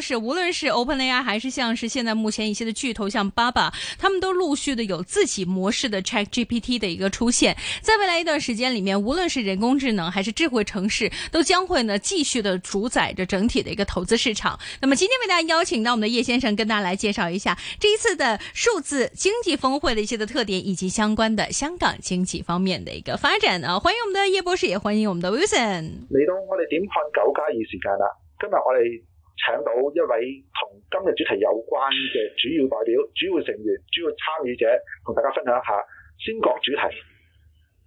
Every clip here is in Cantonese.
是，無論是 OpenAI 還是像是現在目前一些的巨頭，像 Baba，他們都陸續的有自己模式的 ChatGPT 的一個出現。在未來一段時間裏面，無論是人工智能還是智慧城市，都將會呢繼續的主宰着整體的一個投資市場。那麼今天為大家邀請到我們的葉先生，跟大家來介紹一下這一次的數字經濟峰會的一些的特點，以及相關的香港經濟方面的一個發展。啊，歡迎我們的葉博士，也歡迎我們的 Wilson。嚟到，我哋點看九加二時間啦？今日我哋。請到一位同今日主題有關嘅主要代表、主要成員、主要參與者，同大家分享一下。先講主題：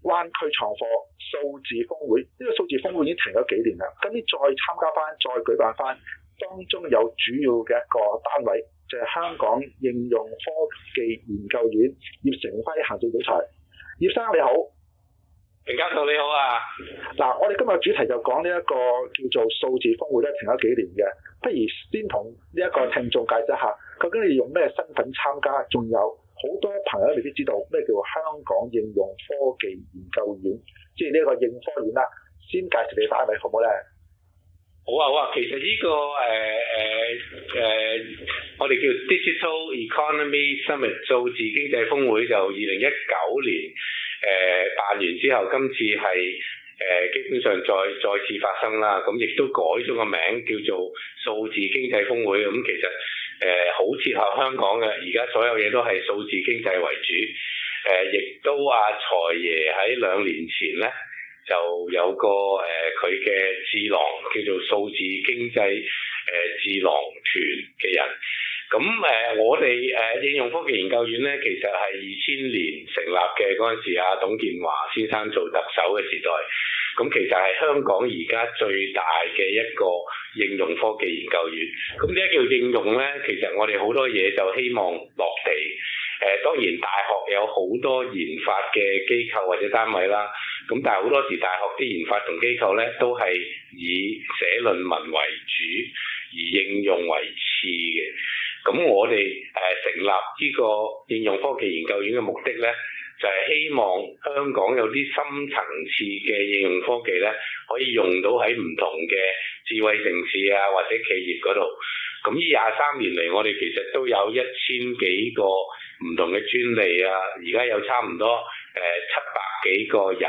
灣區創科數字峰會。呢個數字峰會已經停咗幾年啦，今年再參加返、再舉辦返，當中有主要嘅一個單位就係香港應用科技研究院葉成輝行政總裁。葉生，你好。葉教授你好啊！嗱，我哋今日嘅主題就講呢一個叫做數字峰會咧，停咗幾年嘅，不如先同呢一個聽眾介紹下，究竟你用咩身份參加？仲有好多朋友你都未必知道咩叫香港應用科技研究院，即係呢一個應科院啦，先介紹你下係好唔好咧？好啊好啊，其實呢、這個誒誒誒，我哋叫 Digital Economy Summit 數字經濟峰會就二零一九年。誒、呃、辦完之後，今次係誒、呃、基本上再再次發生啦，咁亦都改咗個名，叫做數字經濟峰會咁、嗯、其實誒、呃、好切合香港嘅，而家所有嘢都係數字經濟為主。誒、呃，亦都阿財爺喺兩年前呢，就有個誒佢嘅智囊叫做數字經濟誒、呃、智囊團嘅人。咁誒，我哋誒，應用科技研究院咧，其實係二千年成立嘅，嗰陣時，阿董建華先生做特首嘅時代。咁其實，係香港而家最大嘅一個應用科技研究院。咁點解叫應用咧？其實，我哋好多嘢就希望落地。誒，當然大學有好多研發嘅機構或者單位啦。咁但係好多時大學啲研發同機構咧，都係以寫論文為主，而應用為次嘅。咁我哋誒成立呢個應用科技研究院嘅目的呢，就係希望香港有啲深層次嘅應用科技呢，可以用到喺唔同嘅智慧城市啊，或者企業嗰度。咁呢廿三年嚟，我哋其實都有一千幾個唔同嘅專利啊，而家有差唔多。誒七百幾個人，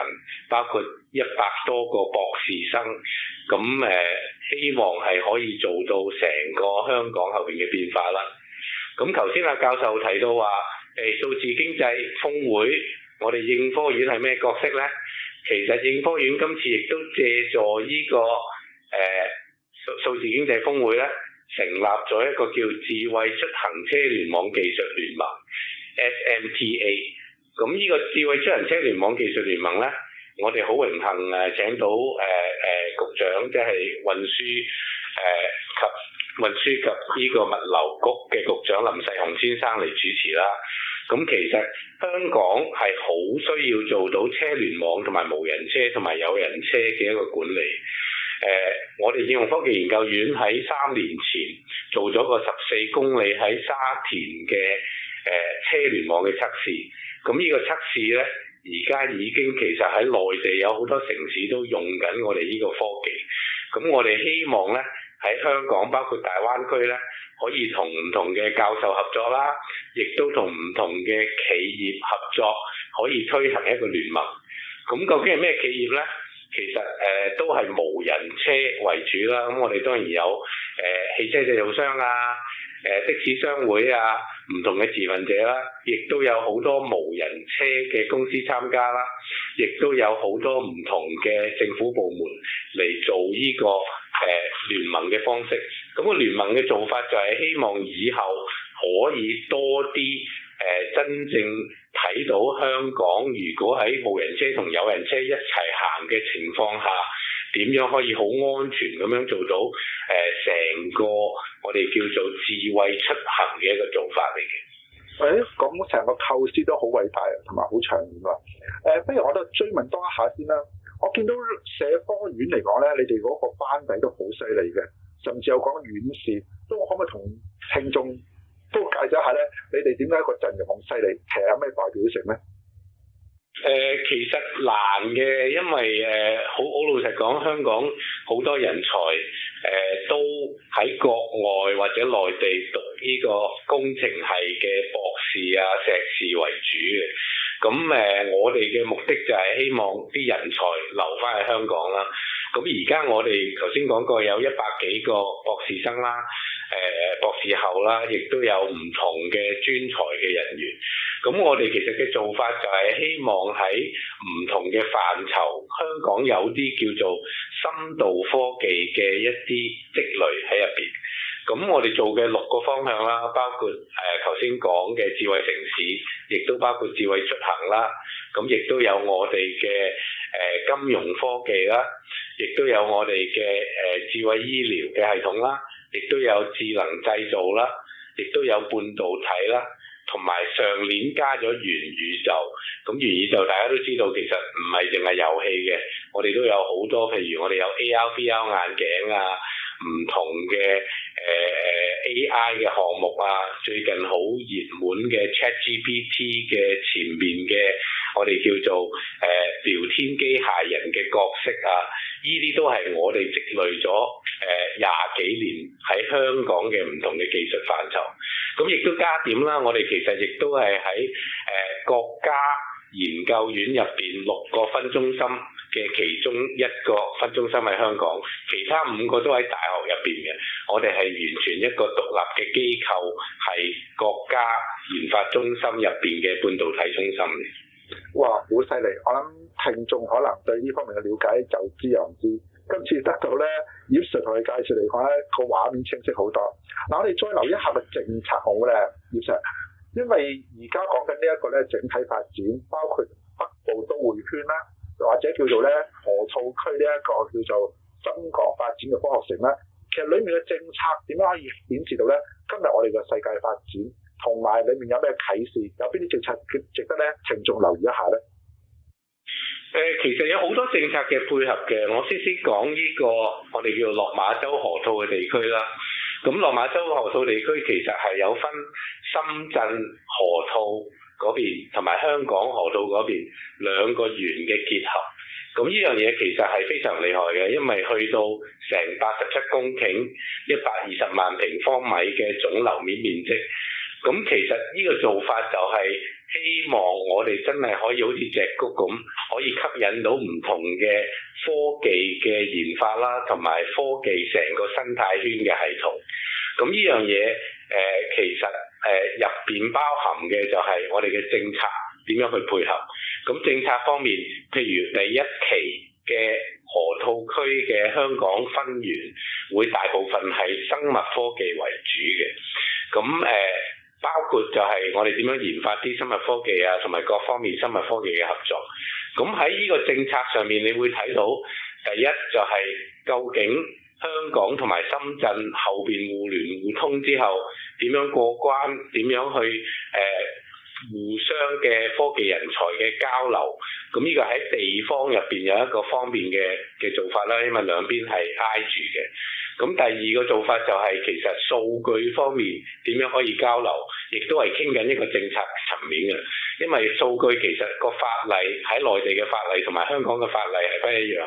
包括一百多個博士生，咁誒、呃、希望係可以做到成個香港後邊嘅變化啦。咁頭先阿教授提到話，誒、呃、數字經濟峰會，我哋應科院係咩角色呢？其實應科院今次亦都借助呢、這個誒數數字經濟峰會咧，成立咗一個叫智慧出行車聯網技術聯盟 （SMTA）。SM TA，咁呢個智慧出行車聯網技術聯盟呢，我哋好榮幸誒請到誒誒、呃呃、局長，即係運輸誒及運輸及呢個物流局嘅局長林世雄先生嚟主持啦。咁、嗯、其實香港係好需要做到車聯網同埋無人車同埋有人車嘅一個管理。誒、呃，我哋應用科技研究院喺三年前做咗個十四公里喺沙田嘅誒、呃、車聯網嘅測試。咁呢個測試呢，而家已經其實喺內地有好多城市都用緊我哋呢個科技。咁、嗯、我哋希望呢，喺香港，包括大灣區呢，可以同唔同嘅教授合作啦，亦都同唔同嘅企業合作，可以推行一個聯盟。咁、嗯、究竟係咩企業呢？其實誒、呃、都係無人車為主啦。咁、嗯、我哋當然有誒、呃、汽車製造商啊，誒、呃、的士商會啊。唔同嘅自憲者啦，亦都有好多無人車嘅公司參加啦，亦都有好多唔同嘅政府部門嚟做呢、這個誒聯、呃、盟嘅方式。咁個聯盟嘅做法就係希望以後可以多啲誒、呃、真正睇到香港，如果喺無人車同有人車一齊行嘅情況下，點樣可以好安全咁樣做到誒成、呃、個。我哋叫做智慧出行嘅一個做法嚟嘅。誒、欸，咁成個構思都好偉大，同埋好長遠啊！誒、呃，不如我都追問多一下先啦。我見到社科院嚟講咧，你哋嗰個班底都好犀利嘅，甚至有講院士。都可唔可以同聽眾都解釋一下咧？你哋點解個陣容咁犀利？其實有咩代表性咧？誒、呃，其實難嘅，因為誒，好、呃、好老實講，香港好多人才。誒、呃、都喺國外或者內地讀呢、這個工程系嘅博士啊、碩士為主嘅，咁、嗯、誒、呃、我哋嘅目的就係希望啲人才留翻喺香港啦。咁而家我哋頭先講過有一百幾個博士生啦，誒、啊、博士後啦，亦、啊、都有唔同嘅專才嘅人員。咁我哋其實嘅做法就係希望喺唔同嘅範疇，香港有啲叫做深度科技嘅一啲積累喺入邊。咁我哋做嘅六個方向啦，包括誒頭先講嘅智慧城市，亦都包括智慧出行啦。咁亦都有我哋嘅誒金融科技啦，亦都有我哋嘅誒智慧醫療嘅系統啦，亦都有智能製造啦，亦都有半導體啦。同埋上年加咗元宇宙，咁元宇宙大家都知道，其實唔係淨係遊戲嘅，我哋都有好多，譬如我哋有 AR VR 眼鏡啊，唔同嘅誒、呃、AI 嘅項目啊，最近好熱門嘅 ChatGPT 嘅前面嘅。我哋叫做誒、呃、聊天機械人嘅角色啊，呢啲都係我哋積累咗誒廿幾年喺香港嘅唔同嘅技術範疇，咁、嗯、亦都加點啦，我哋其實亦都係喺誒國家研究院入邊六個分中心嘅其中一個分中心喺香港，其他五個都喺大學入邊嘅。我哋係完全一個獨立嘅機構，係國家研發中心入邊嘅半導體中心。哇，好犀利！我諗聽眾可能對呢方面嘅了解就知又唔知。今次得到呢咧，葉 Sir 同佢介紹嚟講呢個畫面清晰好多。嗱，我哋再留一下嘅政策好咧，葉 Sir，因為而家講緊呢一個呢，整體發展，包括北部都會圈啦，或者叫做呢河套區呢一個叫做深港發展嘅科學城咧，其實裏面嘅政策點樣可以顯示到呢？今日我哋嘅世界發展？同埋裏面有咩啟示？有邊啲政策值得咧？持續留意一下咧。誒、呃，其實有好多政策嘅配合嘅。我先先講呢、呢個我哋叫落馬洲河套嘅地區啦。咁落馬洲河套地區其實係有分深圳河套嗰邊同埋香港河套嗰邊兩個園嘅結合。咁呢樣嘢其實係非常厲害嘅，因為去到成八十七公頃、一百二十萬平方米嘅總樓面面積。咁其實呢個做法就係希望我哋真係可以好似矽谷咁，可以吸引到唔同嘅科技嘅研發啦，同埋科技成個生態圈嘅系統。咁呢樣嘢誒，其實誒入邊包含嘅就係我哋嘅政策點樣去配合。咁政策方面，譬如第一期嘅河套區嘅香港分園，會大部分係生物科技為主嘅。咁誒。呃包括就係我哋點樣研發啲生物科技啊，同埋各方面生物科技嘅合作。咁喺呢個政策上面，你會睇到第一就係究竟香港同埋深圳後邊互聯互通之後，點樣過關，點樣去誒、呃、互相嘅科技人才嘅交流。咁呢個喺地方入邊有一個方便嘅嘅做法啦，因為兩邊係挨住嘅。咁第二個做法就係其實數據方面點樣可以交流，亦都係傾緊一個政策層面嘅，因為數據其實個法例喺內地嘅法例同埋香港嘅法例係不一樣，誒、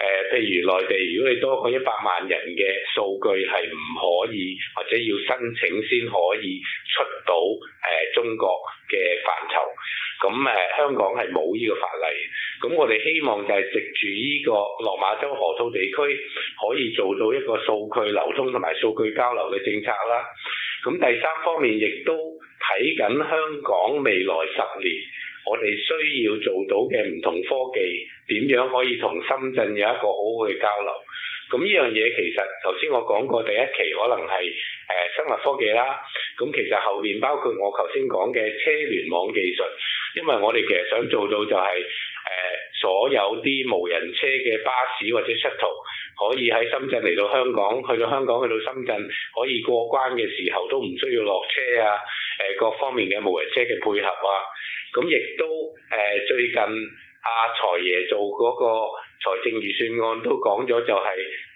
呃，譬如內地如果你多過一百萬人嘅數據係唔可以，或者要申請先可以出到誒、呃、中國嘅範疇。咁誒、嗯，香港係冇呢個法例，咁、嗯、我哋希望就係藉住呢個落馬洲河套地區，可以做到一個數據流通同埋數據交流嘅政策啦。咁、嗯、第三方面亦都睇緊香港未來十年，我哋需要做到嘅唔同科技點樣可以同深圳有一個好好嘅交流。咁、嗯、呢樣嘢其實頭先我講過，第一期可能係誒、呃、生物科技啦。咁、嗯、其實後面包括我頭先講嘅車聯網技術。因為我哋其實想做到就係、是，誒、呃、所有啲無人車嘅巴士或者 shuttle，可以喺深圳嚟到香港，去到香港去到深圳，可以過關嘅時候都唔需要落車啊，誒、呃、各方面嘅無人車嘅配合啊，咁亦都誒、呃、最近阿財爺做嗰個財政預算案都講咗，就係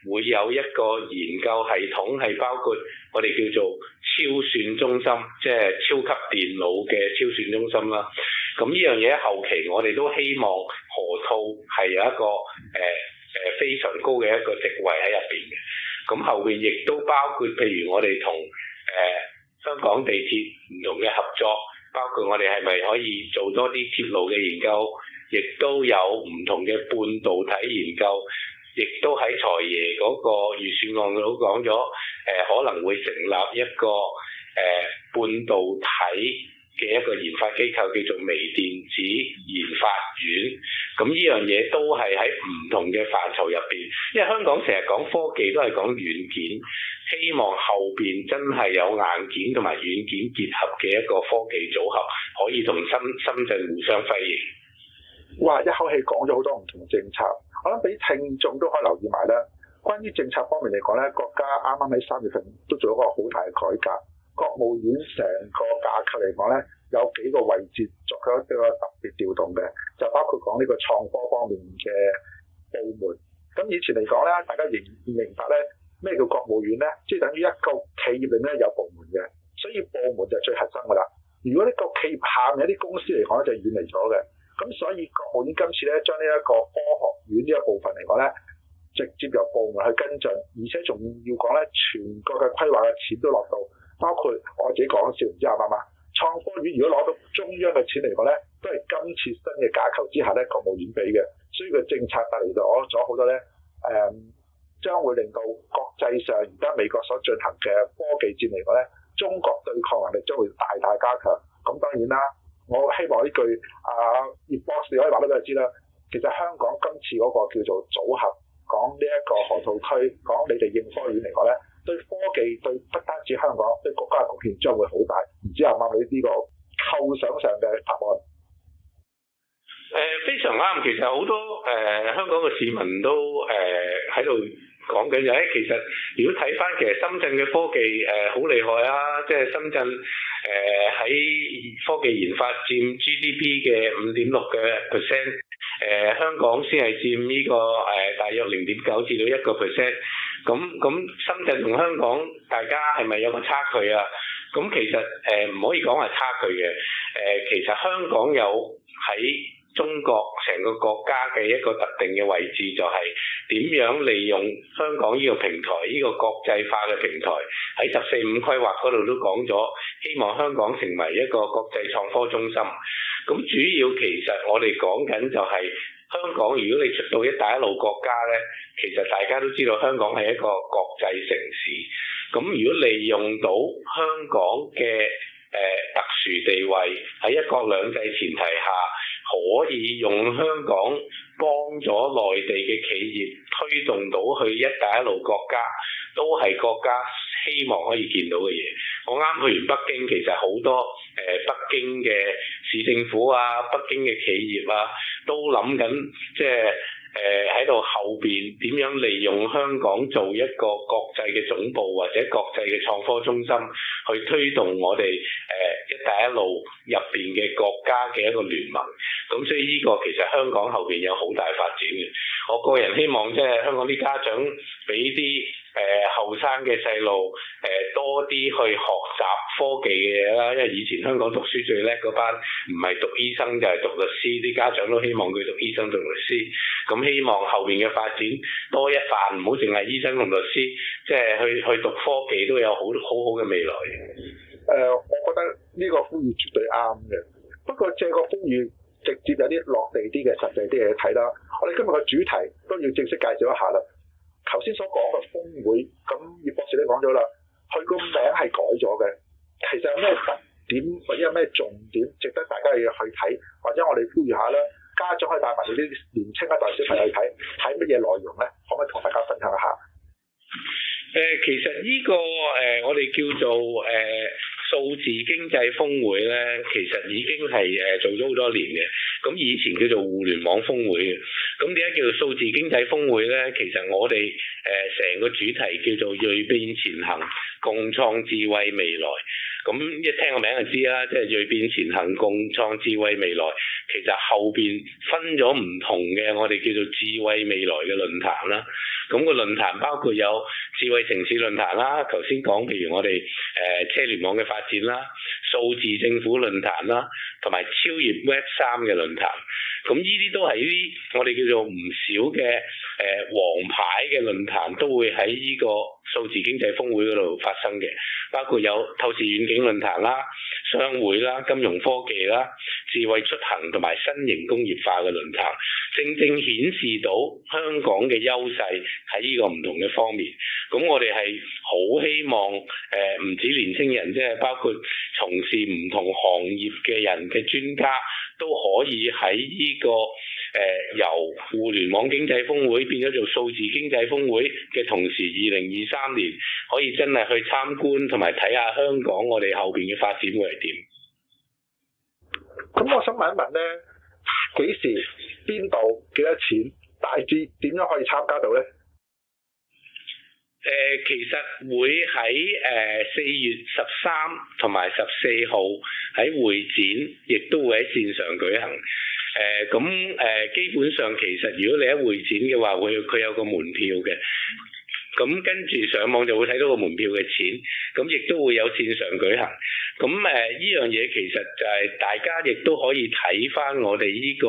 會有一個研究系統係包括我哋叫做超算中心，即係超級電腦嘅超算中心啦、啊。咁呢樣嘢後期我哋都希望河套係有一個誒誒非常高嘅一個職位喺入邊嘅。咁後邊亦都包括譬如我哋同誒香港地鐵唔同嘅合作，包括我哋係咪可以做多啲鐵路嘅研究，亦都有唔同嘅半導體研究，亦都喺財爺嗰個預算案度講咗，誒可能會成立一個誒半導體嘅一個研發機構叫做微電子研發院，咁呢樣嘢都係喺唔同嘅範疇入邊，因為香港成日講科技都係講軟件，希望後邊真係有硬件同埋軟件結合嘅一個科技組合，可以同深深圳互相輝映。哇！一口氣講咗好多唔同嘅政策，我諗俾聽眾都可以留意埋啦。關於政策方面嚟講咧，國家啱啱喺三月份都做咗個好大嘅改革。國務院成個架構嚟講咧，有幾個位置作咗一個特別調動嘅，就包括講呢個創科方面嘅部門。咁以前嚟講咧，大家認唔明白咧咩叫國務院咧，即係等於一個企業裏面有部門嘅，所以部門就最核心㗎啦。如果呢個企業下面有啲公司嚟講咧，就是、遠離咗嘅。咁所以國務院今次咧，將呢一個科學院呢一部分嚟講咧，直接由部門去跟進，而且仲要講咧全國嘅規劃嘅錢都落到。包括我自己講笑事，唔知啱唔啱。創科院如果攞到中央嘅錢嚟講咧，都係今次新嘅架構之下咧，國務院俾嘅，所以佢政策帶嚟到攞咗好多咧。誒、嗯，將會令到國際上而家美國所進行嘅科技戰嚟講咧，中國對抗能力將會大大加強。咁當然啦，我希望呢句啊葉博士可以話俾佢知啦。其實香港今次嗰個叫做組合講呢一個河套區，講你哋應科院嚟講咧。對科技對不單止香港對國家嘅貢獻將會好大，唔知阿孟偉呢個構想上嘅答案？誒非常啱，其實好多誒香港嘅市民都誒喺度講緊嘅，其實如果睇返其實深圳嘅科技誒好厲害啊，即係深圳誒喺科技研發佔 GDP 嘅五點六嘅 percent，誒香港先係佔呢個誒大約零點九至到一個 percent。咁咁，深圳同香港大家係咪有個差距啊？咁其實誒唔、呃、可以講係差距嘅，誒、呃、其實香港有喺中國成個國家嘅一個特定嘅位置，就係點樣利用香港呢個平台，呢、呢個國際化嘅平台喺十四五規劃嗰度都講咗，希望香港成為一個國際創科中心。咁主要其實我哋講緊就係、是。香港如果你出到一帶一路國家咧，其實大家都知道香港係一個國際城市，咁如果利用到香港嘅誒、呃、特殊地位喺一國兩制前提下，可以用香港幫咗內地嘅企業推動到去一帶一路國家，都係國家。希望可以見到嘅嘢，我啱去完北京，其實好多誒、呃、北京嘅市政府啊、北京嘅企業啊，都諗緊即係誒喺度後邊點樣利用香港做一個國際嘅總部或者國際嘅創科中心，去推動我哋誒、呃、一帶一路入邊嘅國家嘅一個聯盟。咁所以呢個其實香港後邊有好大發展嘅。我個人希望即係香港啲家長俾啲。誒後生嘅細路，誒、呃呃、多啲去學習科技嘅嘢啦，因為以前香港讀書最叻嗰班，唔係讀醫生就係讀律師，啲家長都希望佢讀醫生讀律師，咁、嗯、希望後面嘅發展多一範，唔好淨係醫生同律師，即係去去讀科技都有好好好嘅未來。誒、呃，我覺得呢個呼籲絕對啱嘅，不過借個呼籲，直接有啲落地啲嘅實際啲嘢睇啦。我哋今日嘅主題都要正式介紹一下啦。先所講嘅峰會，咁葉博士都講咗啦，佢個名係改咗嘅，其實有咩特點或者有咩重點值得大家去去睇，或者我哋呼籲下啦，家長可以帶埋你啲年青一代小朋友去睇，睇乜嘢內容咧？可唔可以同大家分享一下？誒、呃，其實呢、這個誒、呃、我哋叫做誒、呃、數字經濟峰會咧，其實已經係誒、呃、做咗好多年嘅。咁以前叫做互聯網峰會嘅，咁點解叫做數字經濟峰會呢？其實我哋誒成個主題叫做鋭變前行，共創智慧未來。咁一聽個名就知啦，即係鋭變前行，共創智慧未來。其實後邊分咗唔同嘅，我哋叫做智慧未來嘅論壇啦。咁個論壇包括有智慧城市論壇啦，頭先講譬如我哋誒、呃、車聯網嘅發展啦。數字政府論壇啦，同埋超越 Web 三嘅論壇。咁呢啲都係呢啲我哋叫做唔少嘅，誒王牌嘅論壇都會喺呢個數字經濟峰會嗰度發生嘅，包括有透視遠景論壇啦、商會啦、金融科技啦、智慧出行同埋新型工業化嘅論壇正正顯示到香港嘅優勢喺呢個唔同嘅方面。咁我哋係好希望誒唔止年輕人，即係包括從事唔同行業嘅人嘅專家。都可以喺呢、這個誒、呃、由互聯網經濟峰會變咗做數字經濟峰會嘅同時，二零二三年可以真係去參觀同埋睇下香港我哋後邊嘅發展會係點？咁我想問一問呢幾時、邊度、幾多錢、大致點樣可以參加到呢？誒、呃、其實會喺誒四月十三同埋十四號喺會展，亦都會喺線上舉行。誒咁誒基本上其實如果你喺會展嘅話，會佢有個門票嘅。咁跟住上網就會睇到個門票嘅錢。咁亦都會有線上舉行。咁誒呢樣嘢其實就係大家亦都可以睇翻我哋呢、這個。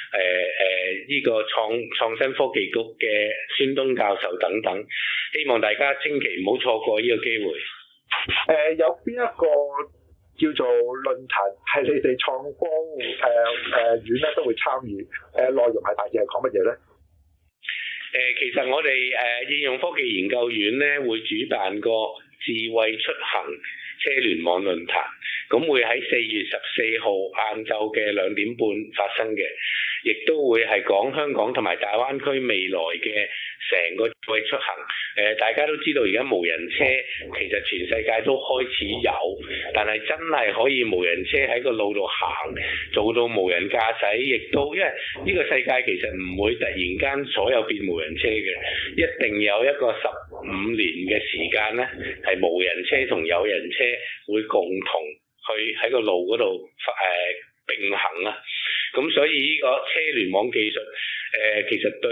誒誒，呢、呃這個創創新科技局嘅孫東教授等等，希望大家千祈唔好錯過呢個機會。誒、呃，有邊一個叫做論壇係你哋創科誒誒院咧都會參與。誒、呃，內容係大致係講乜嘢咧？誒、呃，其實我哋誒、呃、應用科技研究院咧會主辦個智慧出行。車聯網論壇，咁會喺四月十四號晏晝嘅兩點半發生嘅，亦都會係講香港同埋大灣區未來嘅。成個為出行，誒、呃、大家都知道而家無人車其實全世界都開始有，但係真係可以無人車喺個路度行，做到無人駕駛，亦都因為呢個世界其實唔會突然間所有變無人車嘅，一定有一個十五年嘅時間呢，係無人車同有人車會共同去喺個路嗰度發誒並行啊。咁所以呢個車聯網技術誒、呃，其實對。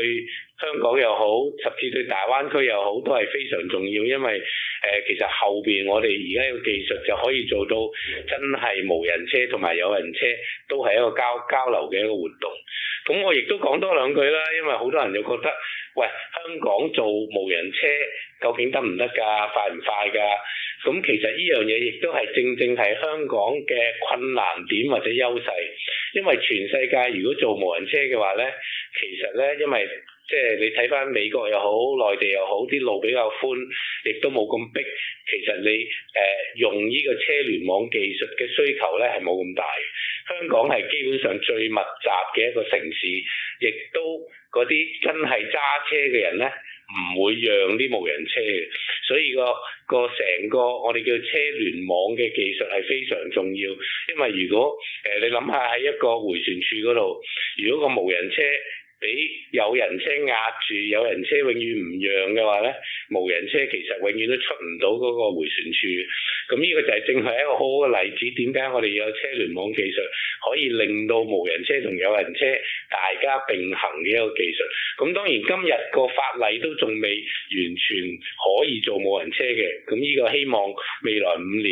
香港又好，甚至對大灣區又好，都係非常重要。因為誒、呃，其實後邊我哋而家嘅技術就可以做到真係無人車同埋有人車都係一個交交流嘅一個活動。咁、嗯、我亦都講多兩句啦，因為好多人就覺得，喂，香港做無人車究竟得唔得㗎？快唔快㗎？咁、嗯、其實呢樣嘢亦都係正正係香港嘅困難點或者優勢，因為全世界如果做無人車嘅話呢，其實呢，因為即係你睇翻美國又好，內地又好，啲路比較寬，亦都冇咁逼。其實你誒、呃、用呢個車聯網技術嘅需求咧係冇咁大。香港係基本上最密集嘅一個城市，亦都嗰啲真係揸車嘅人咧唔會讓啲無人車嘅，所以個個成個我哋叫車聯網嘅技術係非常重要。因為如果誒、呃、你諗下喺一個迴旋處嗰度，如果個無人車，俾有人車壓住，有人車永遠唔讓嘅話呢，無人車其實永遠都出唔到嗰個迴旋處。咁呢個就係正係一個好好嘅例子。點解我哋有車聯網技術，可以令到無人車同有人車大家並行嘅一個技術？咁當然今日個法例都仲未完全可以做無人車嘅。咁呢個希望未來五年，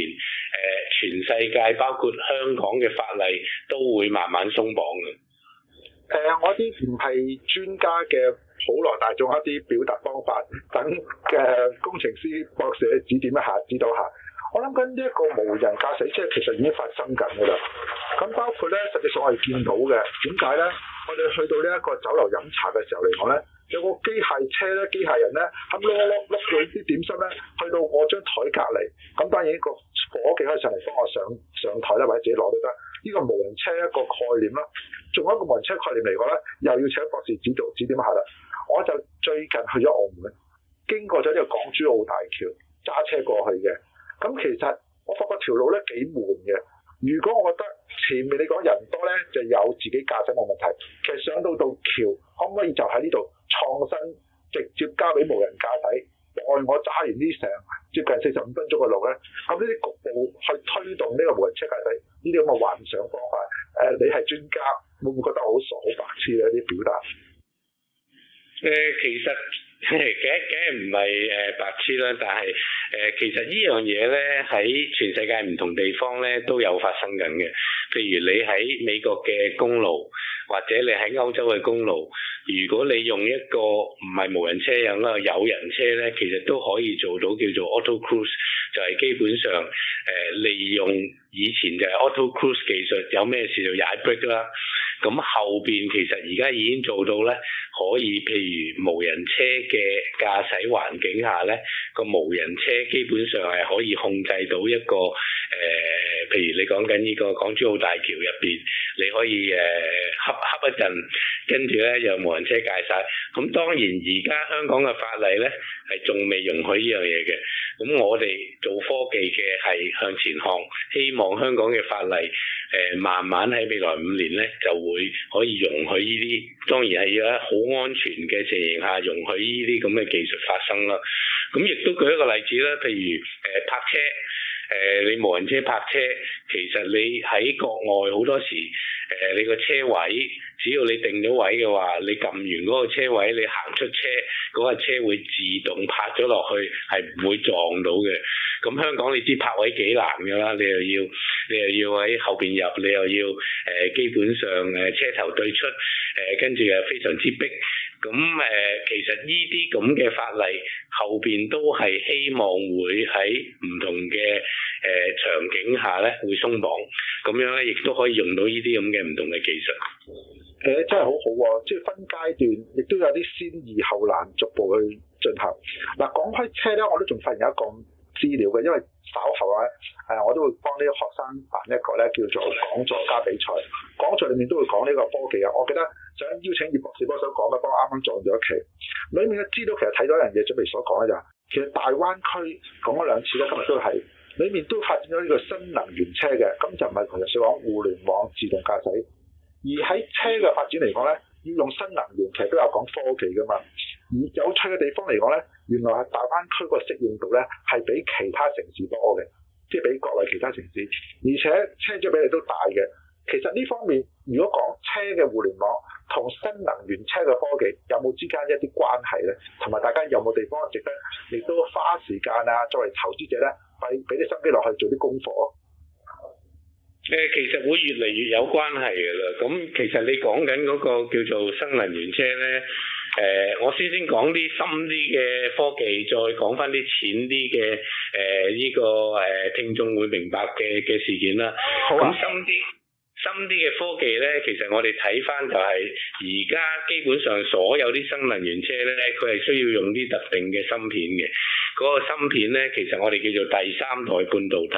呃，全世界包括香港嘅法例都會慢慢鬆綁嘅。誒、呃，我啲唔係專家嘅普羅大眾一啲表達方法，等誒工程師博士指點一下、指導下。我諗緊呢一個無人駕駛車其實已經發生緊㗎啦。咁包括咧，實際上我哋見到嘅。點解咧？我哋去到呢一個酒樓飲茶嘅時候嚟講咧，有個機械車咧、機械人咧，喺攞攞碌佢啲點心咧，去到我張台隔離，咁當然個夥計可以上嚟幫我上上台咧，或者自己攞都得。呢個無人車一個概念啦，仲有一個無人車概念嚟講咧，又要請博士指導指點下啦。我就最近去咗澳門，經過咗呢個港珠澳大橋，揸車過去嘅。咁其實我發覺條路咧幾悶嘅。如果我覺得前面你講人多咧，就有自己駕駛冇問題。其實上到到橋，可唔可以就喺呢度創新，直接交俾無人駕駛？待我揸完呢成接近四十五分鐘嘅路咧，咁呢啲局部去推動呢個無人車駕駛。呢啲咁嘅幻想方法，誒、呃、你係專家，會唔會覺得好傻好白痴咧？啲表達誒、呃，其實。嘅唔係白痴啦，但係誒、呃、其實呢樣嘢咧，喺全世界唔同地方咧都有發生緊嘅。譬如你喺美國嘅公路，或者你喺歐洲嘅公路，如果你用一個唔係無人車樣啦，有人車呢，其實都可以做到叫做 auto cruise，就係基本上誒、呃、利用以前嘅 auto cruise 技術，有咩事就踩 brake 啦。咁後邊其實而家已經做到呢。可以，譬如無人車嘅駕駛環境下咧，個無人車基本上係可以控制到一個誒，譬如你講緊依個港珠澳大橋入邊，你可以誒瞌瞌一陣，跟住咧由無人車駕駛。咁當然而家香港嘅法例咧係仲未容許依樣嘢嘅，咁我哋做科技嘅係向前看，希望香港嘅法例誒慢慢喺未來五年咧就會可以容許依啲，當然係要一好，安全嘅情形下，容許呢啲咁嘅技術發生啦。咁亦都舉一個例子啦，譬如誒泊車。誒、呃，你無人車泊車，其實你喺國外好多時，誒、呃，你個車位，只要你定咗位嘅話，你撳完嗰個車位，你行出車，嗰個車會自動泊咗落去，係唔會撞到嘅。咁香港你知泊位幾難㗎啦，你又要你又要喺後邊入，你又要誒、呃、基本上誒、呃、車頭對出，誒跟住又非常之逼。咁誒、呃，其實呢啲咁嘅法例，後邊都係希望會喺唔同嘅誒、呃、場景下咧，會鬆綁，咁樣咧亦都可以用到呢啲咁嘅唔同嘅技術。誒、欸，真係好好、啊、喎，即係分階段，亦都有啲先易後難，逐步去進行。嗱，講開車咧，我都仲發現有一個資料嘅，因為稍後啊，誒、啊，我都會幫啲學生辦一個咧，叫做講座加比賽。講座裏面都會講呢個科技啊，我記得。想邀請葉博士，幫手講咧，幫我啱啱撞咗一期。裏面都知道其實睇到一樣嘢，準備所講嘅就係，其實大灣區講咗兩次咧，今日都係，裏面都發展咗呢個新能源車嘅，咁就唔係同日所講互聯網自動駕駛。而喺車嘅發展嚟講咧，要用新能源，其實都有講科技㗎嘛。而有趣嘅地方嚟講咧，原來係大灣區個適應度咧係比其他城市多嘅，即係比國內其他城市，而且車積比例都大嘅。其實呢方面，如果講車嘅互聯網同新能源車嘅科技有冇之間一啲關係呢？同埋大家有冇地方值得亦都花時間啊？作為投資者呢，費俾啲心機落去做啲功課。誒，其實會越嚟越有關係嘅啦。咁其實你講緊嗰個叫做新能源車呢？誒、呃，我先先講啲深啲嘅科技，再講翻啲淺啲嘅誒呢個誒聽眾會明白嘅嘅事件啦。好咁深啲。深啲嘅科技呢，其實我哋睇翻就係而家基本上所有啲新能源車呢，佢係需要用啲特定嘅芯片嘅。嗰、那個芯片呢，其實我哋叫做第三代半導體。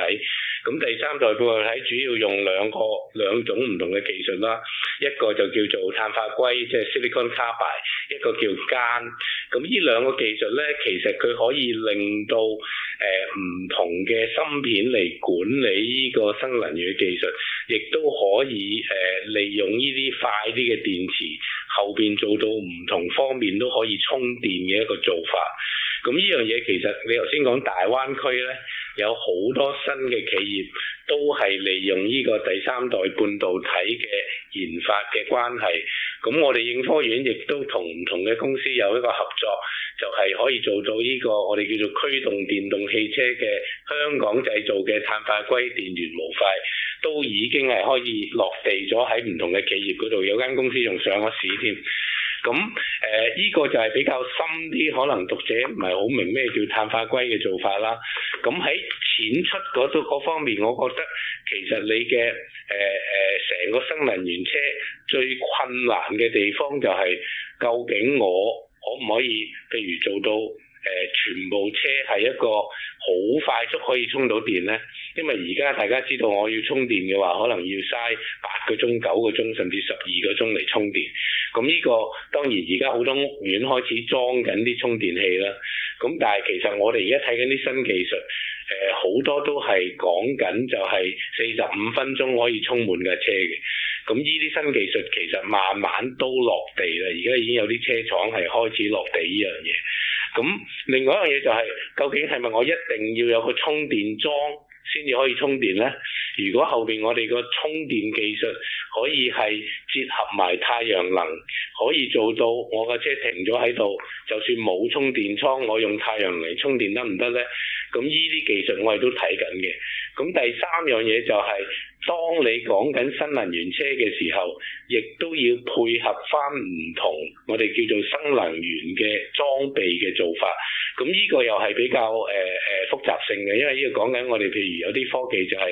咁第三代半導體主要用兩個兩種唔同嘅技術啦，一個就叫做碳化硅，即係 silicon carbide，一個叫間。咁呢兩個技術呢，其實佢可以令到誒、呃、唔同嘅芯片嚟管理呢個新能源嘅技術，亦都可以誒、呃、利用呢啲快啲嘅電池，後邊做到唔同方面都可以充電嘅一個做法。咁呢樣嘢其實你頭先講大灣區呢，有好多新嘅企業都係利用呢個第三代半導體嘅研發嘅關係。咁我哋應科院亦都同唔同嘅公司有一個合作，就係可以做到呢個我哋叫做驅動電動汽車嘅香港製造嘅碳化硅電源模塊，都已經係可以落地咗喺唔同嘅企業嗰度，有間公司仲上咗市添。咁誒，呢、呃呢個就係比較深啲，可能讀者唔係好明咩叫碳化硅嘅做法啦。咁喺淺出嗰度嗰方面，我覺得其實你嘅誒誒成個新能源車最困難嘅地方就係究竟我可唔可以，譬如做到？全部車係一個好快速可以充到電呢，因為而家大家知道，我要充電嘅話，可能要嘥八個鐘、九個鐘，甚至十二個鐘嚟充電。咁、嗯、呢、呢個當然而家好多屋苑開始裝緊啲充電器啦。咁、嗯、但係其實我哋而家睇緊啲新技術，誒、呃、好多都係講緊就係四十五分鐘可以充滿架車嘅。咁呢啲新技術其實慢慢都落地啦，而家已經有啲車廠係開始落地呢樣嘢。咁另外一樣嘢就係、是，究竟係咪我一定要有個充電樁先至可以充電呢？如果後邊我哋個充電技術可以係結合埋太陽能，可以做到我嘅車停咗喺度，就算冇充電倉，我用太陽嚟充電得唔得呢？咁呢啲技術我哋都睇緊嘅。咁第三樣嘢就係、是，當你講緊新能源車嘅時候，亦都要配合翻唔同我哋叫做新能源嘅裝備嘅做法。咁呢個又係比較誒誒、呃、複雜性嘅，因為呢個講緊我哋譬如有啲科技就係誒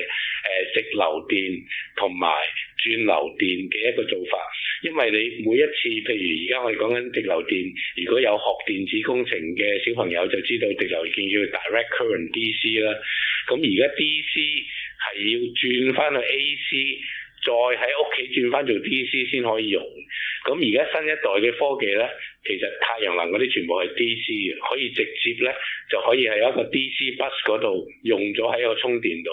直流電同埋轉流電嘅一個做法。因為你每一次，譬如而家我哋講緊直流電，如果有學電子工程嘅小朋友就知道直流電叫 Direct Current DC 啦。咁而家 DC 係要轉翻去 AC。再喺屋企轉翻做 DC 先可以用，咁而家新一代嘅科技呢，其實太陽能嗰啲全部係 DC 嘅，可以直接呢就可以喺一個 DC bus 嗰度用咗喺個充電度，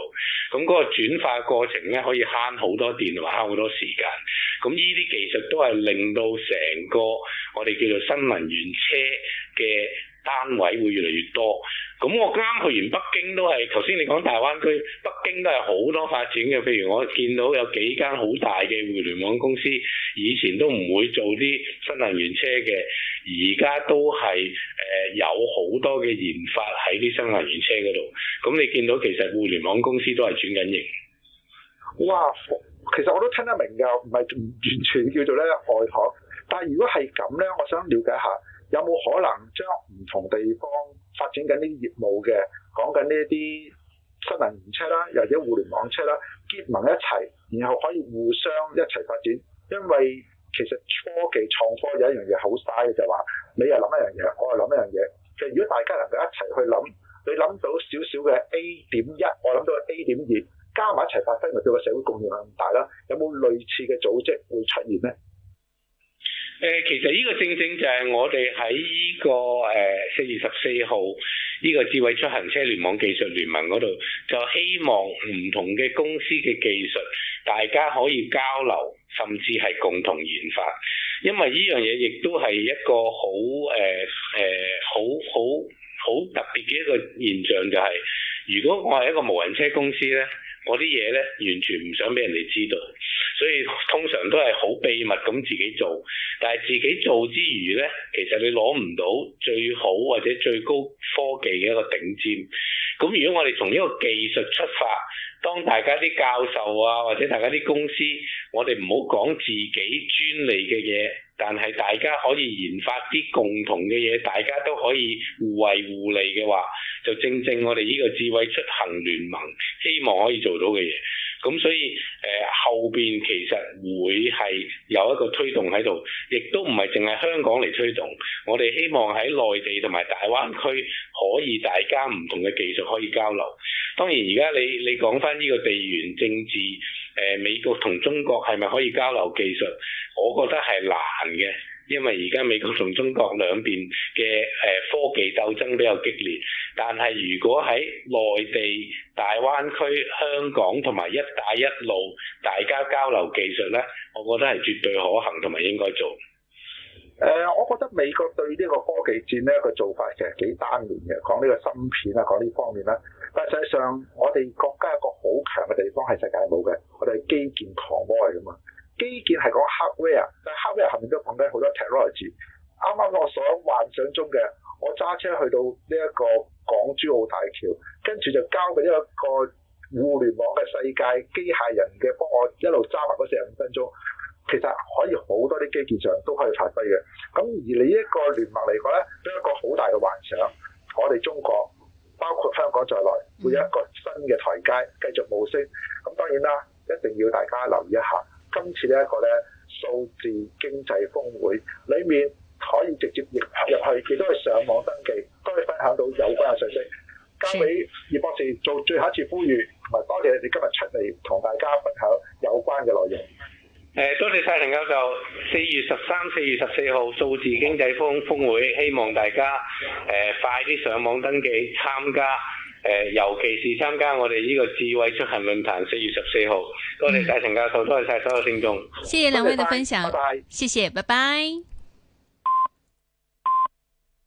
咁嗰個轉化過程呢，可以慳好多電同埋慳好多時間，咁呢啲技術都係令到成個我哋叫做新能源車嘅單位會越嚟越多，咁我啱去完北京都係頭先你講大灣區。都係好多發展嘅，譬如我見到有幾間好大嘅互聯網公司，以前都唔會做啲新能源車嘅，而家都係誒、呃、有好多嘅研發喺啲新能源車嗰度。咁你見到其實互聯網公司都係轉緊型。哇，其實我都聽得明㗎，唔係完全叫做呢外行。但係如果係咁呢，我想了解下，有冇可能將唔同地方發展緊啲業務嘅，講緊呢啲？新能源車啦，又或者互聯網車啦，結盟一齊，然後可以互相一齊發展。因為其實初期創科有一樣嘢好嘥嘅，就係話你又諗一樣嘢，我又諗一樣嘢。其實如果大家能夠一齊去諗，你諗到少少嘅 A 點一，我諗到 A 點二，加埋一齊發生，對個社會共聯力咁大啦。有冇類似嘅組織會出現呢？誒、呃，其實呢個正正就係我哋喺呢個誒、呃、四月十四號。呢個智慧出行車聯網技術聯盟嗰度，就希望唔同嘅公司嘅技術，大家可以交流，甚至係共同研發。因為呢樣嘢亦都係一個好誒誒好好好特別嘅一個現象，就係，就係如果我係一個無人車公司呢。我啲嘢咧，完全唔想俾人哋知道，所以通常都係好秘密咁自己做。但係自己做之餘咧，其實你攞唔到最好或者最高科技嘅一個頂尖。咁如果我哋從呢個技術出發，當大家啲教授啊，或者大家啲公司，我哋唔好講自己專利嘅嘢，但係大家可以研發啲共同嘅嘢，大家都可以互惠互利嘅話，就正正我哋呢個智慧出行聯盟希望可以做到嘅嘢。咁所以誒、呃、後邊其實會係有一個推動喺度，亦都唔係淨係香港嚟推動。我哋希望喺內地同埋大灣區可以大家唔同嘅技術可以交流。當然而家你你講翻呢個地緣政治，誒、呃、美國同中國係咪可以交流技術，我覺得係難嘅。因為而家美國同中國兩邊嘅誒科技鬥爭比較激烈，但係如果喺內地、大灣區、香港同埋一帶一路大家交流技術呢，我覺得係絕對可行同埋應該做。誒、呃，我覺得美國對呢個科技戰呢，佢做法其實幾單元嘅，講呢個芯片啊，講呢方面啦。但係實際上，我哋國家一個好強嘅地方係世界冇嘅，我哋基建狂魔嚟㗎嘛。基建係講 hardware，但 hardware 後面都講緊好多 technology。啱啱我所幻想中嘅，我揸車去到呢一個港珠澳大橋，跟住就交俾一個互聯網嘅世界機械人嘅幫我一路揸埋嗰四十五分鐘，其實可以好多啲基建上都可以發揮嘅。咁而呢一個聯盟嚟講咧，都一個好大嘅幻想。我哋中國包括香港在內會有一個新嘅台階繼續冒升。咁當然啦，一定要大家留意一下。今次呢一、這個咧數字經濟峰會，裡面可以直接入入去，亦都係上網登記，都可以分享到有關嘅信息。交俾葉博士做最後一次呼籲，同埋多謝你哋今日出嚟同大家分享有關嘅內容。誒、呃，多謝晒陽教授，四、呃、月十三、四月十四號數字經濟峰峯會，希望大家誒、呃、快啲上網登記參加。.誒、呃，尤其是參加我哋呢個智慧出行論壇，四月十四號，多謝曬陳教授，嗯、多謝曬所有聽眾。謝謝兩位的分享，拜拜，謝謝，拜拜。拜拜。